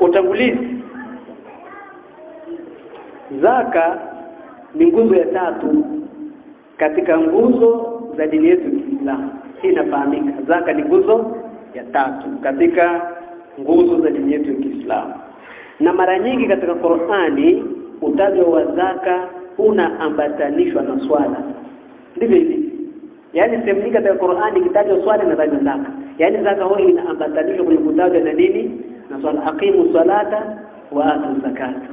utangulizi. Zaka ni nguzo ya tatu katika nguzo za dini yetu ya Kiislamu. Hii inafahamika, zaka ni nguzo ya tatu katika nguzo za dini yetu ya Kiislamu, na mara nyingi katika Qur'ani utajwa wa zaka unaambatanishwa na swala. Ndivyo hivi, yaani sehemu nyingi katika Qur'ani kitajwa swala na zaka, yaani zaka huwa inaambatanishwa kwenye kutajwa na nini na swala hakimu salata wa atu zakata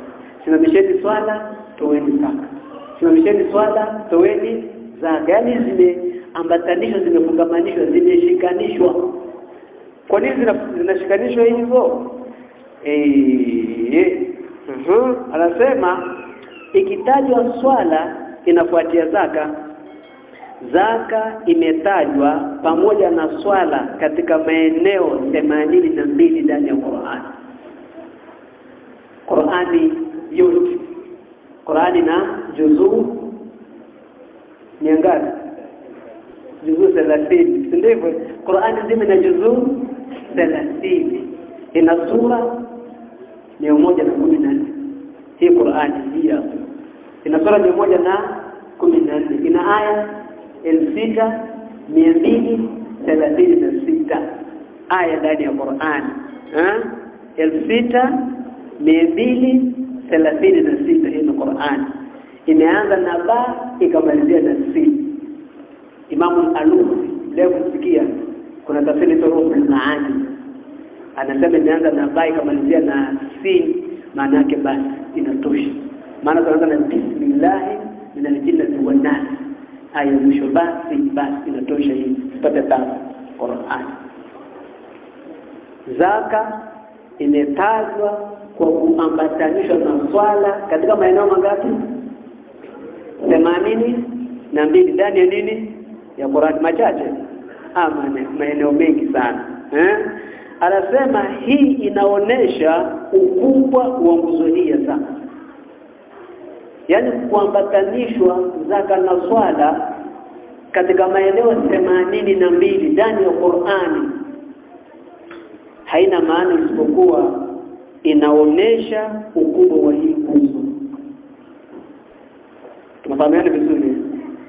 simamisheni swala toweni zaka simamisheni swala toweni zaka yaani zimeambatanishwa zimefungamanishwa zimeshikanishwa kwa nini zinashikanishwa hivyo eh anasema ikitajwa swala inafuatia zaka zaka imetajwa pamoja na swala katika maeneo themanini na mbili ndani ya Qur'an. Qur'ani yote Qur'ani na juzuu ni ngapi? Juzuu thelathini, si ndivyo? Qur'ani zima na juzuu thelathini, ina sura mia moja na kumi na nne. Hii Qur'ani hii ina sura mia moja na kumi na nne, ina aya elfu sita mia mbili thelathini na sita aya ndani ya Qur'ani elfu sita mia mbili thelathini na sita hii ni Qur'ani imeanza na ba ikamalizia na si. Imamu Alusi leo kusikia kuna tafsiri Turuhul Maani anasema imeanza na ba ikamalizia na si, maana yake basi inatosha. Maana tunaanza na bismillahi minal jinnati wan hayo mwisho, basi basi inatosha hii tupate tano Qur'an. Zaka imetajwa kwa kuambatanishwa na swala katika maeneo mangapi? themanini na mbili ndani ya nini ya Qur'an, machache ama ah, maeneo mengi sana eh? Anasema hii inaonesha ukubwa wa nguzo hii ya zaka yani kuambatanishwa zaka na swala katika maeneo themanini na mbili ndani ya Qur'ani haina maana isipokuwa inaonesha ukubwa wa hii nguzo. Tunafahamiana vizuri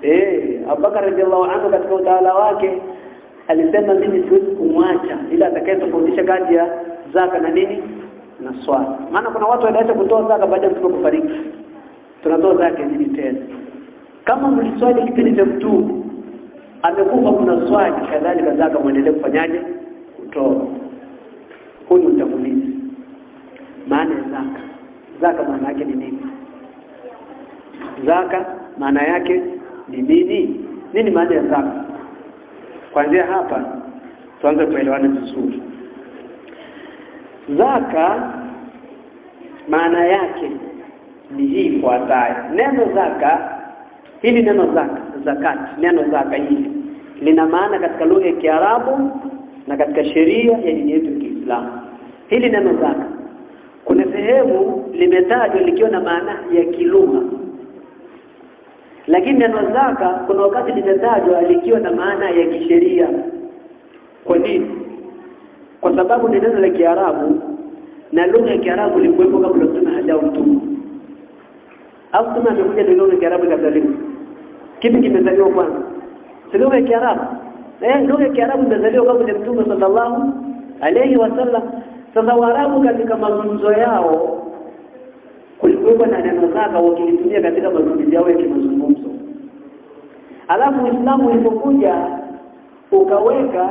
eh? Abubakar radhiallahu anhu katika utawala wake alisema mimi siwezi kumwacha ila atakayetofautisha kati ya zaka na nini na swala. Maana kuna watu wanaacha kutoa zaka baada ya mtume kufariki tunatoa zake nini tena. Kama mliswali kipindi cha mtu amekufa, kuna swali kadhalika zaka muendelee kufanyaje kutoa. Huu ni utangulizi. Maana ya zaka, zaka maana yake ni nini? Zaka maana yake ni nini? Nini maana ya zaka? Kuanzia hapa tuanze kuelewana vizuri. Zaka maana yake ni hii ifuatayo. Neno zaka, hili neno zaka, zakat, neno zaka hili lina maana katika lugha ya Kiarabu na katika sheria ya dini yetu ya Kiislamu. Hili neno zaka, kuna sehemu limetajwa likiwa na maana ya kilugha, lakini neno zaka kuna wakati limetajwa likiwa na maana ya kisheria. Kwa nini? Kwa sababu ni neno la Kiarabu na lugha ya Kiarabu ilikuwepo kabla Mtume hajao mtume au kama amekuja na lugha ya Kiarabu ikazaliwa. Kipi kimezaliwa kwanza? Si lugha ya Kiarabu. Na eh, lugha ya Kiarabu imezaliwa kwa vile Mtume sallallahu alayhi wasallam. Sasa Waarabu katika mazungumzo yao kulikuwa na neno zaka wakilitumia katika mazungumzo yao ya kimazungumzo. Alafu Uislamu ulipokuja ukaweka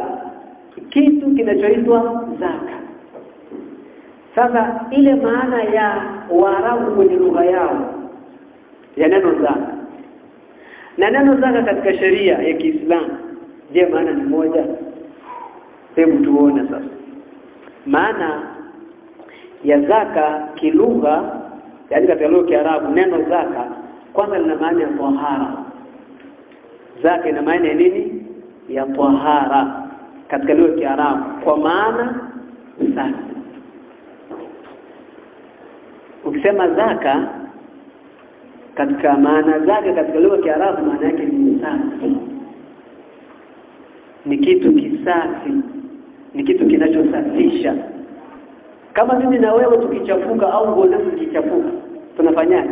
kitu kinachoitwa zaka. Sasa ile maana ya Waarabu kwenye lugha yao ya neno zaka. Na neno zaka katika sheria ya Kiislamu, je, maana ni moja? Hebu tuone sasa maana ya zaka kilugha, yaani katika lugha ya Kiarabu, neno zaka kwanza lina maana ya tahara. Zaka ina maana ya nini? Ya tahara katika lugha ya Kiarabu, kwa maana safi. Ukisema zaka katika maana zake katika lugha ya Kiarabu maana yake ni safi, ni kitu kisafi, ni kitu kinachosafisha. Kama mimi na wewe tukichafuka au nguo zetu zikichafuka, tunafanyaje?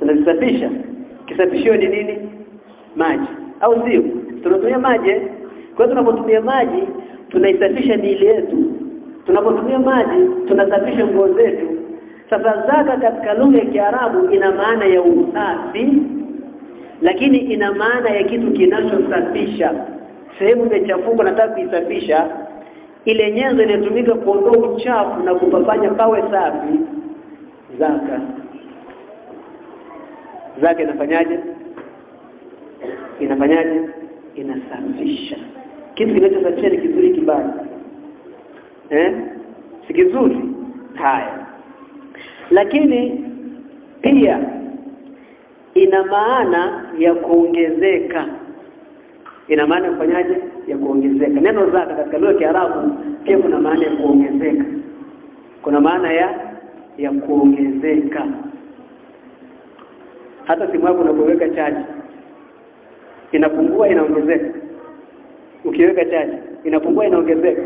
Tunazisafisha. Kisafishio ni nini? Maji, au sio? Tunatumia maji. Eh? Kwa hiyo tunapotumia maji tunaisafisha miili yetu, tunapotumia maji tunasafisha nguo zetu sasa zaka katika lugha ya Kiarabu ina maana ya usafi, lakini ina maana ya kitu kinachosafisha. Sehemu imechafuka, nataka kuisafisha, ile nyenzo inayotumika kuondoa uchafu na kupafanya pawe safi, zaka zaka inafanyaje? Inafanyaje? Inasafisha. Kitu kinachosafisha ni kizuri kibaya, eh? si kizuri? Haya, lakini pia ina maana ya kuongezeka ina maana ya kufanyaje ya kuongezeka neno zaka katika lugha ya Kiarabu pia kuna maana ya kuongezeka kuna maana ya ya kuongezeka hata simu yako unapoweka chaji inapungua inaongezeka ukiweka chaji inapungua inaongezeka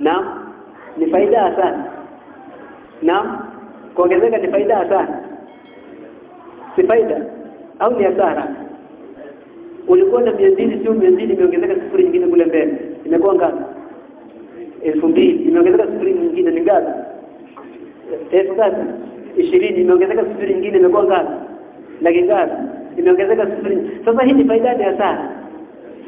naam ni faida sana naam kuongezeka ni faida sana, si faida au ni hasara ulikuwa na mia mbili sio mia mbili imeongezeka sifuri nyingine kule mbele imekuwa ngapi elfu mbili imeongezeka sifuri nyingine ni ngapi elfu ngapi ishirini imeongezeka sifuri nyingine imekuwa ngapi laki ngapi imeongezeka sifuri sasa hii ni faida ni hasara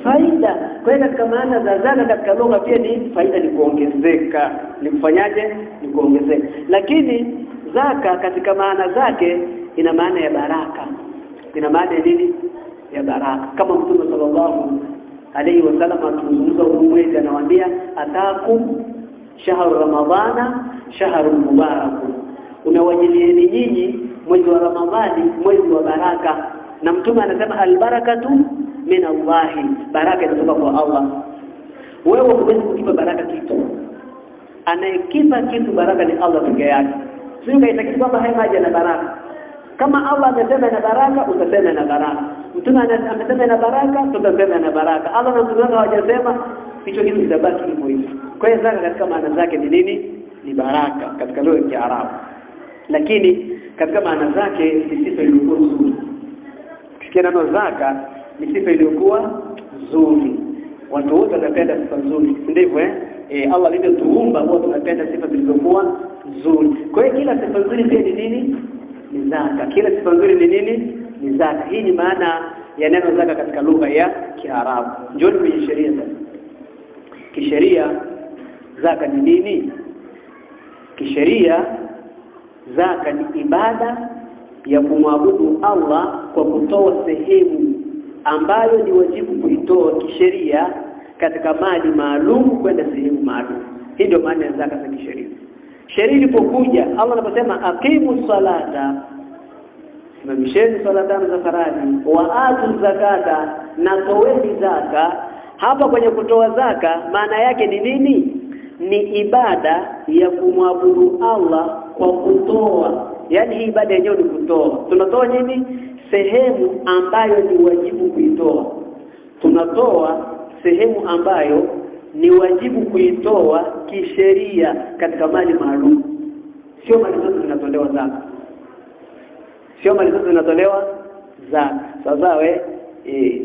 faida kwa hiyo katika maana za zana katika lugha pia ni faida ni kuongezeka ni kufanyaje ni kuongezeka lakini Zaka katika maana zake ina maana ya baraka, ina maana ya nini? Ya baraka. Kama Mtume sallallahu alaihi wasallam akizungumza huu mwezi, anawaambia atakum shahru ramadhana shahru mubaraku, umewajilieni nyinyi mwezi wa Ramadhani, mwezi wa baraka. Na Mtume anasema albarakatu min Allahi, baraka inatoka kwa Allah. Wewe huwezi kukipa baraka kitu, anayekipa kitu baraka ni Allah peke yake. Sunna itakiri kwamba haya maji yana baraka. Kama Allah amesema ina baraka, utasema ina baraka. Mtume amesema ina baraka, tutasema ina baraka. Allah na mtume wake hawajasema, hicho kitu kitabaki hivyo hivyo. Kwa hiyo zaka katika maana zake ni nini? Ni baraka katika lugha ya Kiarabu, lakini katika maana zake ni sifa iliyokuwa nzuri. kisikia neno zaka ni sifa iliyokuwa nzuri, watu wote wanapenda sifa nzuri, si ndivyo eh? Eh, Allah alivyotuumba huwa tunapenda sifa zilizokuwa nzuri. Kwa hiyo kila sifa nzuri pia ni nini? Ni zaka. Kila sifa nzuri ni nini? Ni zaka. Hii ni maana ya neno zaka katika lugha ya Kiarabu. njoni kwenye sheria sasa. Kisheria zaka ni nini? Kisheria zaka ni ibada ya kumwabudu Allah kwa kutoa sehemu ambayo ni wajibu kuitoa kisheria katika mali maalum kwenda sehemu maalum. Hii ndio maana ya zaka za kisheria sheria ilipokuja Allah anaposema aqimu salata simamisheni swala tano za faradhi wa atu zakata na toweni zaka hapa kwenye kutoa zaka maana yake ni nini ni ibada ya kumwabudu Allah kwa kutoa yaani hii ibada yenyewe ni kutoa tunatoa nini sehemu ambayo ni wajibu kuitoa tunatoa sehemu ambayo ni wajibu kuitoa kisheria katika mali maalum. Sio mali zote zinatolewa zaka, sio mali zote zinatolewa zaka. Sawa sawa, e,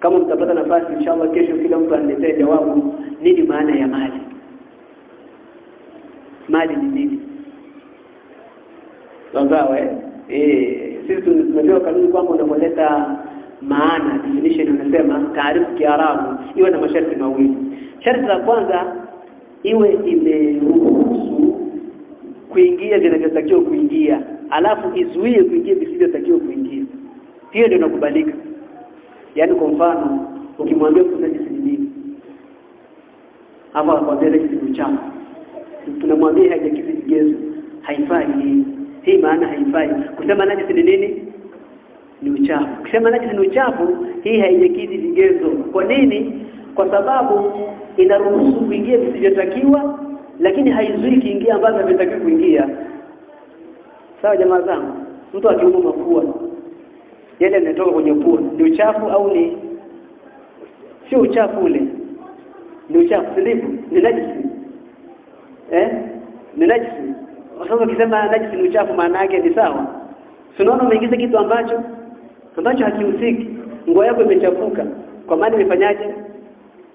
kama mtapata nafasi inshallah, kesho kila mtu aniletee jawabu, nini maana ya mali? Mali ni nini? Sawa eh, e, sisi tumepewa kanuni kwamba unapoleta maana definition, unasema taarifu Kiarabu iwe na masharti mawili Sharti la kwanza iwe imeruhusu kuingia vinavyotakiwa kuingia, alafu izuie kuingia visivyotakiwa kuingia. Hiyo ndio inakubalika. Yaani kwa mfano, ukimwambia mkuzaji nini ama akwambia ni chama, tunamwambia haijakidhi vigezo, haifai hii hii, maana haifai kusema najisi ni nini ni uchafu. Kusema najisi ni uchafu, hii haijakidhi vigezo. Kwa nini? kwa sababu inaruhusu kuingia visivyotakiwa lakini haizuii kiingia ambavyo havitakiwi kuingia sawa jamaa zangu mtu akiumwa mapua yale yaani yanatoka kwenye pua ni uchafu au ni sio uchafu ule ni uchafu silifu ni najisi eh ni najisi kwa sababu ukisema najisi ni uchafu maana yake ni sawa sinaona umeingiza kitu ambacho ambacho hakihusiki nguo yako imechafuka kwa maana imefanyaje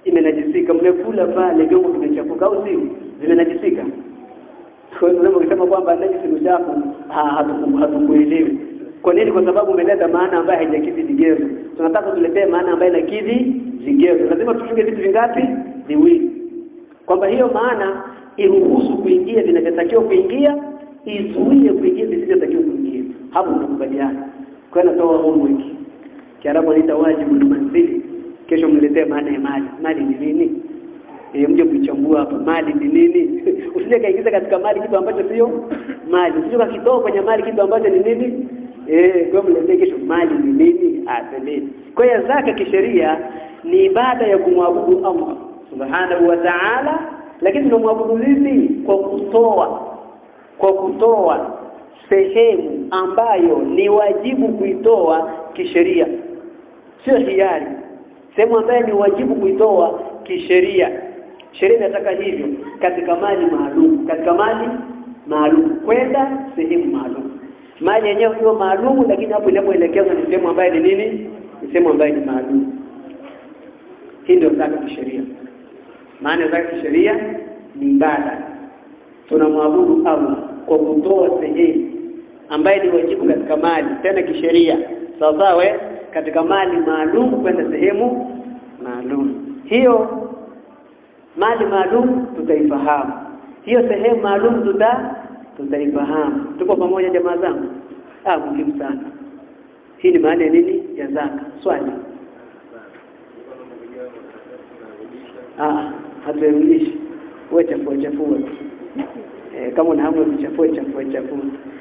imenajisika, mmekula pale vyombo vimechafuka, au sio? Vimenajisika. Kwa hiyo tunaweza kwamba najisi ni uchafu, hatukuelewi kwa nini? Kwa sababu umeleta maana ambayo haijakidhi vigezo. Tunataka tuletee maana ambayo inakidhi vigezo. Lazima tufunge vitu vingapi? Viwili, kwamba hiyo maana iruhusu kuingia vinavyotakiwa kuingia, izuie kuingia visivyotakiwa kuingia. Hapo tunakubaliana. Kwa hiyo natoa homework, Kiarabu anaita wajibu manzili kesho mletee maana ya mali. Mali ni nini? E, mje kuichambua hapa, mali ni nini? Usije kaingiza katika mali kitu ambacho sio mali, usije kakitoa kwenye mali kitu ambacho ni nini? Eh, kwa mletee kesho mali ni nini? Asemeni. Kwa hiyo zaka kisheria ni ibada ya kumwabudu Allah subhanahu wa ta'ala, lakini tunamwabudu vipi? Kwa kutoa, kwa kutoa sehemu ambayo ni wajibu kuitoa kisheria, sio hiari sehemu ambayo ni wajibu kuitoa kisheria. Sheria inataka hivyo katika mali maalum, katika mali maalum kwenda sehemu maalum. Mali yenyewe hiyo maalum, lakini hapo inapoelekezwa ni sehemu ambayo ni nini? Ni sehemu ambayo ni maalum. Hii ndio zaka kisheria. Maana zaka kisheria ni ibada, tunamwabudu Allah kwa kutoa sehemu ambaye ni wajibu katika mali, tena kisheria. Sawa sawa katika mali maalum kwenda sehemu maalum. Hiyo mali maalum tutaifahamu, hiyo sehemu maalum tuta tutaifahamu. Tuko pamoja jamaa zangu? Ah, muhimu sana. Hii ni maana ya nini ya zaka? Swali. Ah, ah hatuerudishi wewe, chafua chafua eh, kama una hamu ya kuchafua chafua chafua,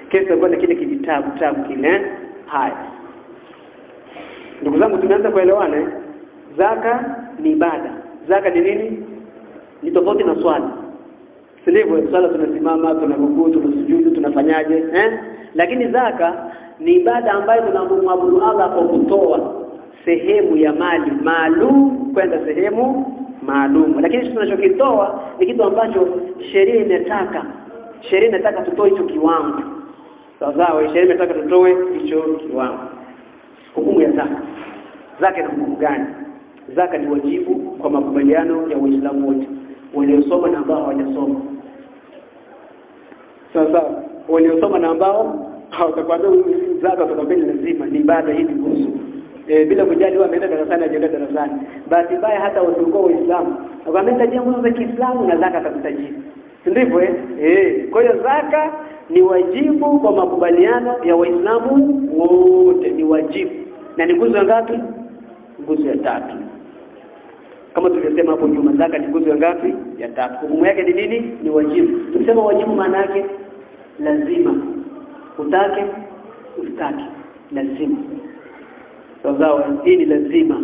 kesho kuna kile kijitabu tabu kile. Eh? Haya. Ndugu zangu, tumeanza kuelewana eh? Zaka ni ibada. Zaka ni nini? Ni tofauti na swala, si ndivyo? Swala tunasimama, tunarukuu, tunasujudu, tunafanyaje eh? Lakini zaka ni ibada ambayo tunamwabudu Allah kwa kutoa sehemu ya mali maalum kwenda sehemu maalum, lakini tunachokitoa ni kitu ambacho sheria imetaka. Sheria inataka tutoe hicho kiwango, sawa sawa. Sheria imetaka tutoe hicho kiwango Hukumu ya zaka, zaka ni hukumu gani? Zaka ni wajibu kwa makubaliano ya Waislamu wote waliosoma na ambao hawajasoma. Sasa waliosoma na ambao hawatakwambia zaka, watakwambia ni lazima, ni ibada hii, kuhusu E, bila kujali wao ameenda darasani ajaenda darasani. Bahati mbaya hata wasiokuwa Waislamu wakamenda jambo za Kiislamu na zaka atakutajiri, ndivyo eh? Eh, kwa hiyo zaka ni wajibu kwa makubaliano ya Waislamu wote, ni wajibu na ni nguzo ya ngapi? Nguzo ya tatu. Kama tulivyosema hapo nyuma, zaka ni nguzo ya ngapi? Ya tatu. Hukumu yake ni nini? Ni wajibu. Tukisema wajibu, maana yake lazima, utake usitake, lazima. Sawasawa, hii ni lazima,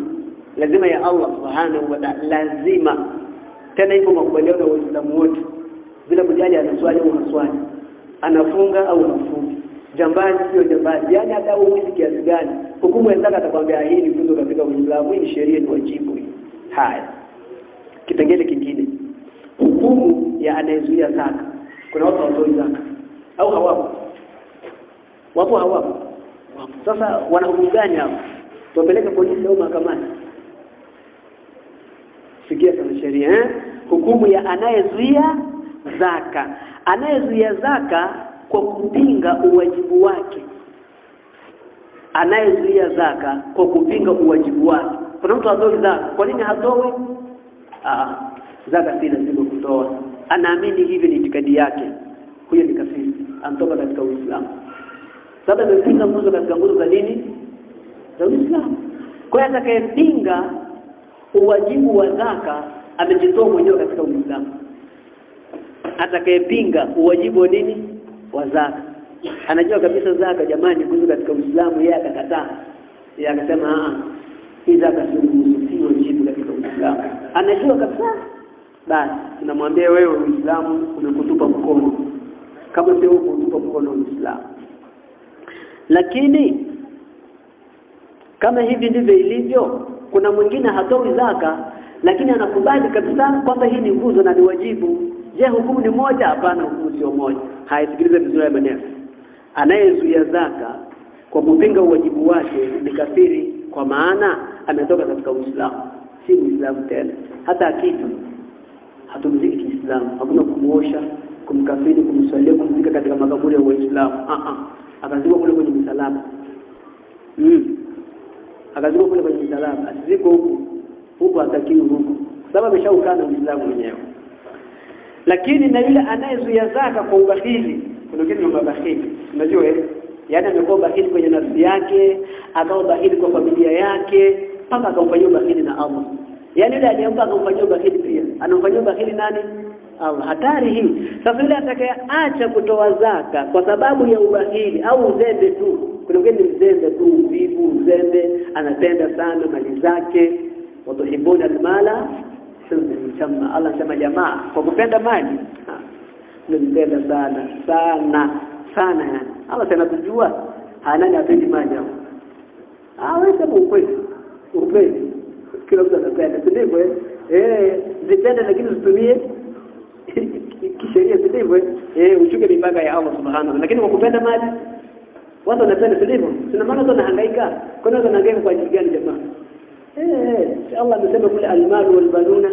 lazima ya Allah subhanahu wa ta'ala, lazima tena. Iko makubaliano ya Waislamu wote bila kujali anaswali au anaswali, anafunga au anafungi, jambazi sio jambazi, yaani hata uwizi kiasi gani huku mwenzake atakwambia hii ni funzo katika Uislamu, hii ni sheria, ni wajibu. Haya, kipengele kingine, hukumu ya anayezuia zaka. Kuna watu hawatoi zaka au hawapo? Wapo hawapo? Sasa wana hukumu gani hapo? Tuwapeleke polisi au mahakamani? Sikia sana sheria eh? Hukumu ya anayezuia zaka, anayezuia zaka kwa kupinga uwajibu wake anayezuia zaka kwa kupinga uwajibu wake. Kuna mtu hatoi zaka, kwa nini hatoi? Ah, zaka si lazima kutoa, anaamini hivi, ni itikadi yake, huyo ni kafiri, anatoka katika Uislamu. Sasa amepinga nguzo katika nguzo za dini za Uislamu. Kwa hiyo atakayepinga uwajibu wa zaka amejitoa mwenyewe katika Uislamu, atakayepinga uwajibu wa nini wa zaka anajua kabisa zaka jamani kuzo katika Uislamu, yeye akakataa, yeye akasema hii zaka sio jibu katika Uislamu. Anajua kabisa basi, tunamwambia wewe, Uislamu umekutupa mkono, kama sio huko kutupa mkono Uislamu. Lakini kama hivi ndivyo ilivyo, kuna mwingine hatoi zaka, lakini anakubali kabisa kwamba hii ni nguzo na ni wajibu. Je, hukumu ni moja? Hapana, hukumu sio moja. Haisikilize sikiliza vizuri maneno anayezuia zaka kwa kupinga uwajibu wake ni kafiri, kwa maana ametoka katika Uislamu, si Muislamu tena. Hata akifa hatumziki Kiislamu, hakuna kumuosha, kumkafiri, kumswalia, kumzika katika makaburi ya Waislamu. Ah ah, akazikwa kule kwenye msalaba mm. Akazikwa kule kwenye msalaba, asizikwe huko huko, atakiwa huko sababu ameshaukana Uislamu mwenyewe. Lakini na yule anayezuia zaka kwa ubakhili kuna kitu ni mabahili, unajua eh, yaani amekuwa bahili kwenye nafsi yake, akawa bahili kwa familia yake, mpaka akamfanyia bahili na Allah. Yaani yule aliyempa akamfanyia bahili pia, anamfanyia bahili nani? Allah. Hatari hii. Sasa yule atakayeacha kutoa zaka kwa sababu ya ubahili au uzembe tu, kuna wengine ni mzembe tu, uvivu, mzembe, anapenda sana mali zake, watuhibuna almala hubban Allah anasema jamaa, kwa kupenda mali tulimpenda sana sana sana yani Allah anatujua hanani apendi maji hapo ah wewe sema ukweli ukweli kila mtu anapenda si ndivyo eh zipende eh, lakini usitumie kisheria si ndivyo eh? eh uchuke mipaka ya Allah subhanahu lakini kwa kupenda maji watu wanapenda si ndivyo sina maana watu wanahangaika kwa nini wanahangaika kwa ajili gani jamaa eh, eh Allah amesema kule almalu walbanuna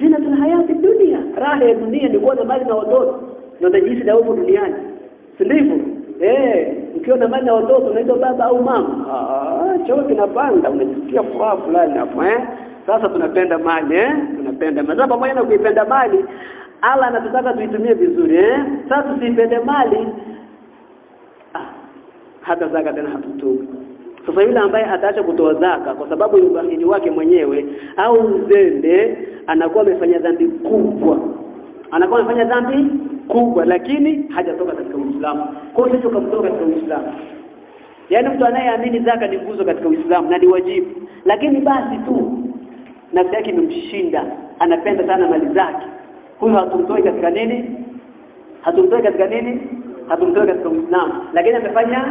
zina zinatul hayati dunia, raha ya dunia ni kuwa na mali na watoto na utajisi na huko duniani, si ndivyo? Eh, ukiwa na mali na watoto unaitwa baba au mama, ah, choo kinapanda, unajisikia furaha fulani hapo eh. Sasa tunapenda mali eh, tunapenda mali. Pamoja na kuipenda mali, Allah anatutaka tuitumie vizuri eh. Sasa tusipende mali ah, hata zaka tena hatutoki sasa yule ambaye ataacha kutoa zaka kwa sababu ya ubahili wake mwenyewe au uzembe, anakuwa amefanya dhambi kubwa, anakuwa amefanya dhambi kubwa, lakini hajatoka katika Uislamu. Kwa hiyo kamtoka katika Uislamu, yaani mtu anayeamini zaka ni nguzo katika Uislamu na ni wajibu, lakini basi tu nafsi yake imemshinda, anapenda sana mali zake, huyo hatumtoi katika nini? Hatumtoi katika nini? Hatumtoi katika Uislamu, lakini amefanya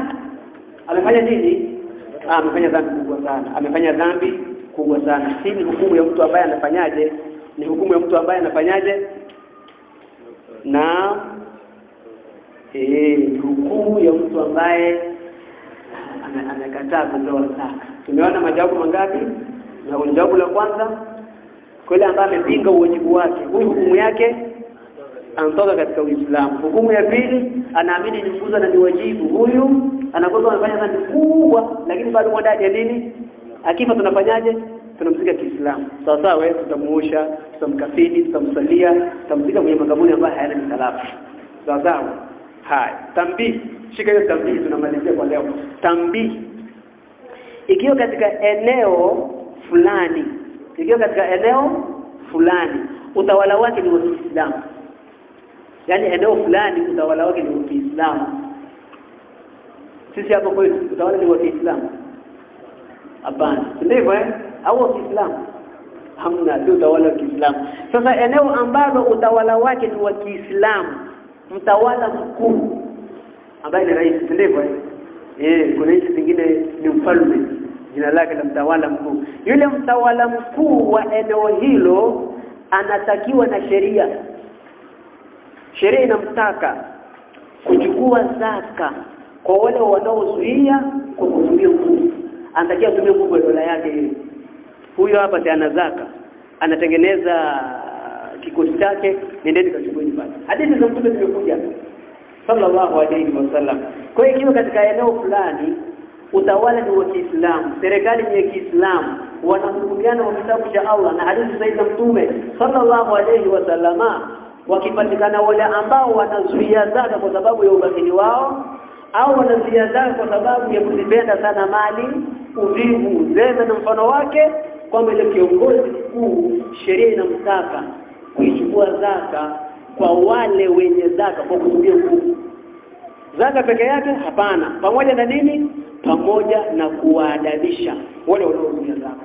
amefanya nini? ah, amefanya dhambi kubwa sana, amefanya dhambi kubwa sana. Hii ni hukumu ya mtu ambaye anafanyaje? Ni hukumu ya mtu ambaye anafanyaje? Na eh, hukumu ya mtu ambaye amekataa kutoa zaka. Tumeona majawabu mangapi? Na jawabu la kwanza kule ambaye amepinga uwajibu wake, huyu hukumu yake anatoka katika Uislamu. Hukumu ya pili, anaamini ni nguzo na ni wajibu, huyu anakuwa amefanya dhambi kubwa, lakini bado mada ya nini? Akifa tunafanyaje? Tunamzika Kiislamu sawa sawa, tutamuosha, tutamkafini, tutamsalia, tutamzika kwenye makaburi ambayo hayana misalafu sawa sawa. Haya, tambii, shika hiyo tambii, tunamalizia kwa leo. Tambii ikiwa katika eneo fulani, ikiwa katika eneo fulani utawala wake ni wa Kiislamu, yaani eneo fulani utawala wake ni wa Kiislamu sisi hapo kwetu utawala ni wa Kiislamu. Hapana, ndivyo eh? Au wa Kiislamu? Hamna, si utawala wa Kiislamu. Sasa eneo ambalo utawala wake ni wa Kiislamu, mtawala mkuu ambaye ni rais, ndivyo eh? Eh, kuna nchi zingine ni mfalme, jina lake la mtawala mkuu. Yule mtawala mkuu wa eneo hilo anatakiwa na sheria, sheria inamtaka kuchukua zaka kwa wale wanaozuia kwa kutumia nguvu anatakiwa atumie nguvu ya dola yake hili huyo hapa ana zaka anatengeneza kikosi chake nendeni kachukue nyumbani hadithi za mtume zimekuja sallallahu alaihi wasallam kwa hiyo ikiwa katika eneo fulani utawala ni wa Kiislamu serikali ni ya Kiislamu wanahudumiana wa kitabu cha Allah na hadithi zaidi za mtume sallallahu alaihi wasallama wakipatikana wale ambao wanazuia zaka kwa sababu ya ubakhili wao au wanaziandaa kwa sababu ya kuzipenda sana mali, uvivu, zema na mfano wake, kwamba ile kiongozi mkuu sheria inamtaka kuichukua zaka kwa wale wenye zaka kwa kutumia nguvu. Zaka peke yake hapana, pamoja na nini? Pamoja na kuwaadabisha wale wanaotumia zaka.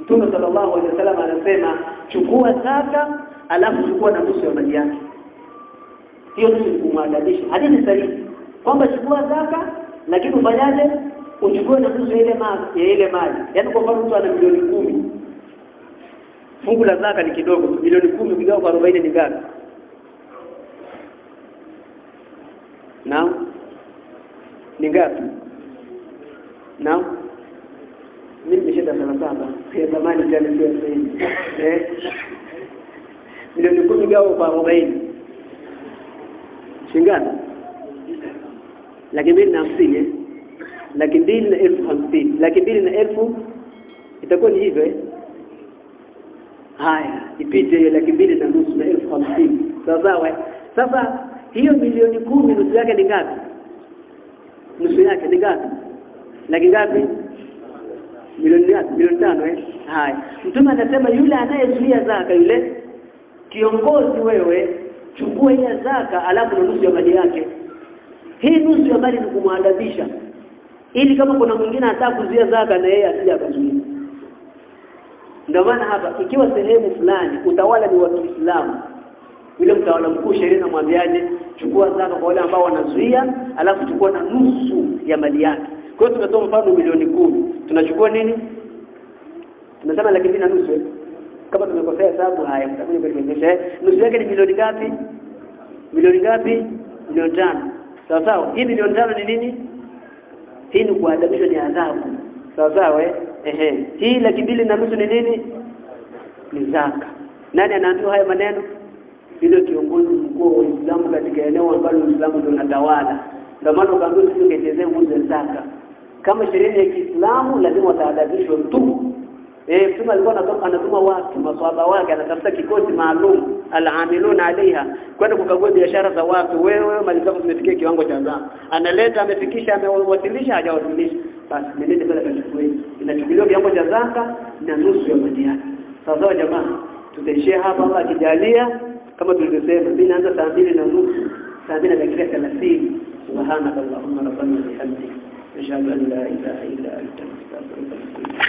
Mtume sallallahu alaihi wasallam anasema, chukua zaka alafu chukua na nusu ya mali yake, hiyo nusu kumwadabisha. Hadithi sahihi kwamba chukua zaka, lakini ufanyaje? Uchukue na nusu ile mali ya ile mali. Yaani kwa mfano mtu ana milioni kumi, fungu la zaka ni kidogo, milioni kumi ukigawa kwa arobaini ni ngapi? Naam, ni ngapi? Naam, mimi nimeshinda sana sana ya zamani tena, sio sahihi eh, milioni kumi gawa kwa arobaini shingana laki mbili na hamsini eh? laki mbili na elfu hamsini laki mbili na elfu itakuwa ni hivyo eh? Haya, ipite hiyo laki mbili na nusu na elfu hamsini sawa eh? Sasa hiyo milioni kumi nusu yake ni ngapi? Nusu yake ni ngapi? laki ngapi? Milioni ngapi? Milioni tano eh? Haya, Mtume anasema yule anayezuia zaka, yule kiongozi, wewe chukua ile zaka, alafu na nusu ya mali yake hii nusu ya mali ni kumwadabisha, ili kama kuna mwingine anataka kuzuia zaka na yeye asije akazuia. Ndio maana hapa, ikiwa sehemu fulani utawala ni wa Kiislamu, yule mtawala mkuu sheria namwambiaje? Chukua zaka kwa wale ambao wanazuia, alafu chukua na nusu ya mali yake. Kwa hiyo tumetoa mfano milioni kumi, tunachukua nini? Tunasema laki mbili na nusu eh? kama tumekosea hesabu, haya mtakuja eh? Nusu yake ni milioni ngapi? Milioni ngapi? Milioni tano sawa sawa hii milioni tano ni nini hii ni kuadabishwa ni adhabu sawa sawa eh ehe hii laki mbili na nusu ni nini ni zaka nani anaambiwa haya maneno ile kiongozi mkuu wa Uislamu katika eneo ambalo Uislamu ndio unatawala ndio maana ukaambiwa usingechezee nguzo zaka kama sheria ya Kiislamu lazima wataadabishwa mtu eh mtume alikuwa anatuma watu maswahaba wake anatafuta kikosi maalum al'amiluna alaiha kwenda kukagua biashara za watu wewe mali zako zimefikia kiwango cha zama analeta amefikisha amewasilisha hajawasilisha basi mwenende pale kachukue inachukuliwa kiwango cha zaka na nusu ya mali yake sawa sawa, jamaa tutaishia hapa Allah akijalia kama tulivyosema mimi naanza saa mbili na nusu saa mbili na dakika 30 subhanakallahumma rabbana bihamdika ashhadu an la ilaha illa anta astaghfiruka wa atubu